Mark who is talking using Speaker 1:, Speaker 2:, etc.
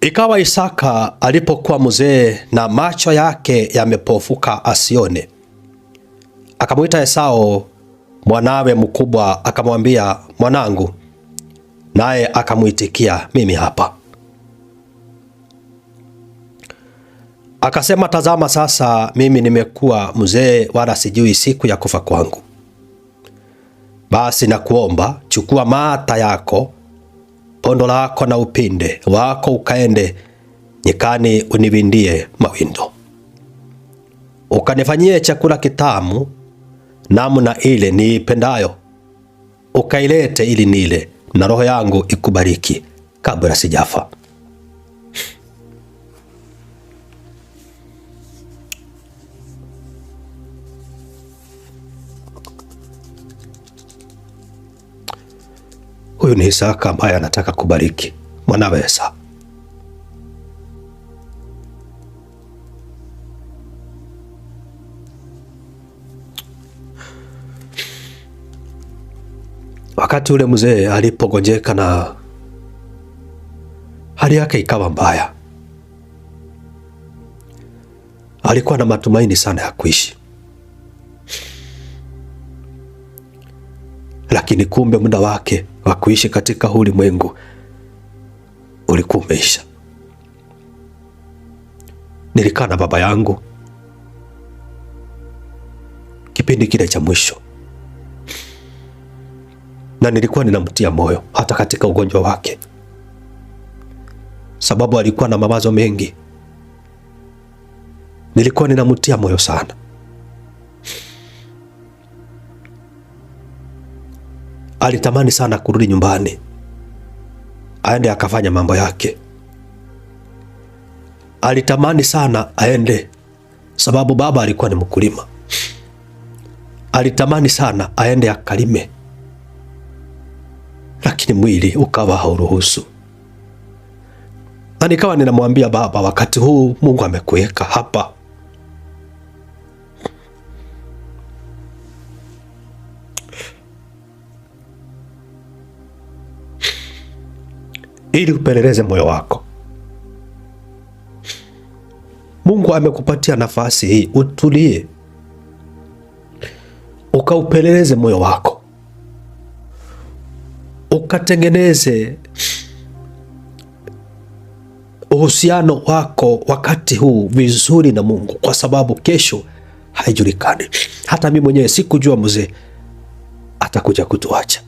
Speaker 1: Ikawa Isaka alipokuwa mzee na macho yake yamepofuka asione, akamwita Esau mwanawe mkubwa, akamwambia, mwanangu. Naye akamwitikia, mimi hapa. Akasema, tazama sasa mimi nimekuwa mzee, wala sijui siku ya kufa kwangu. Basi nakuomba, chukua mata yako pondo lako na upinde wako ukaende nyikani, univindie mawindo, ukanifanyie chakula kitamu namna ile niipendayo, ukailete ili nile, na roho yangu ikubariki kabla sijafa. Huyu ni Isaka ambaye anataka kubariki mwanawe Esau. Wakati ule mzee alipogonjeka na hali yake ikawa mbaya, alikuwa na matumaini sana ya kuishi, lakini kumbe muda wake wa kuishi katika ulimwengu ulikuwa umeisha. Nilikaa na baba yangu kipindi kile cha mwisho, na nilikuwa ninamtia moyo hata katika ugonjwa wake, sababu alikuwa na mawazo mengi. Nilikuwa ninamtia moyo sana. alitamani sana kurudi nyumbani aende akafanya mambo yake. Alitamani sana aende, sababu baba alikuwa ni mkulima. Alitamani sana aende akalime, lakini mwili ukawa hauruhusu. Na nikawa ninamwambia baba, wakati huu Mungu amekuweka hapa ili upeleleze moyo wako. Mungu amekupatia nafasi hii, utulie ukaupeleleze moyo wako, ukatengeneze uhusiano wako wakati huu vizuri na Mungu, kwa sababu kesho haijulikani. Hata mimi mwenyewe sikujua mzee atakuja kutuacha.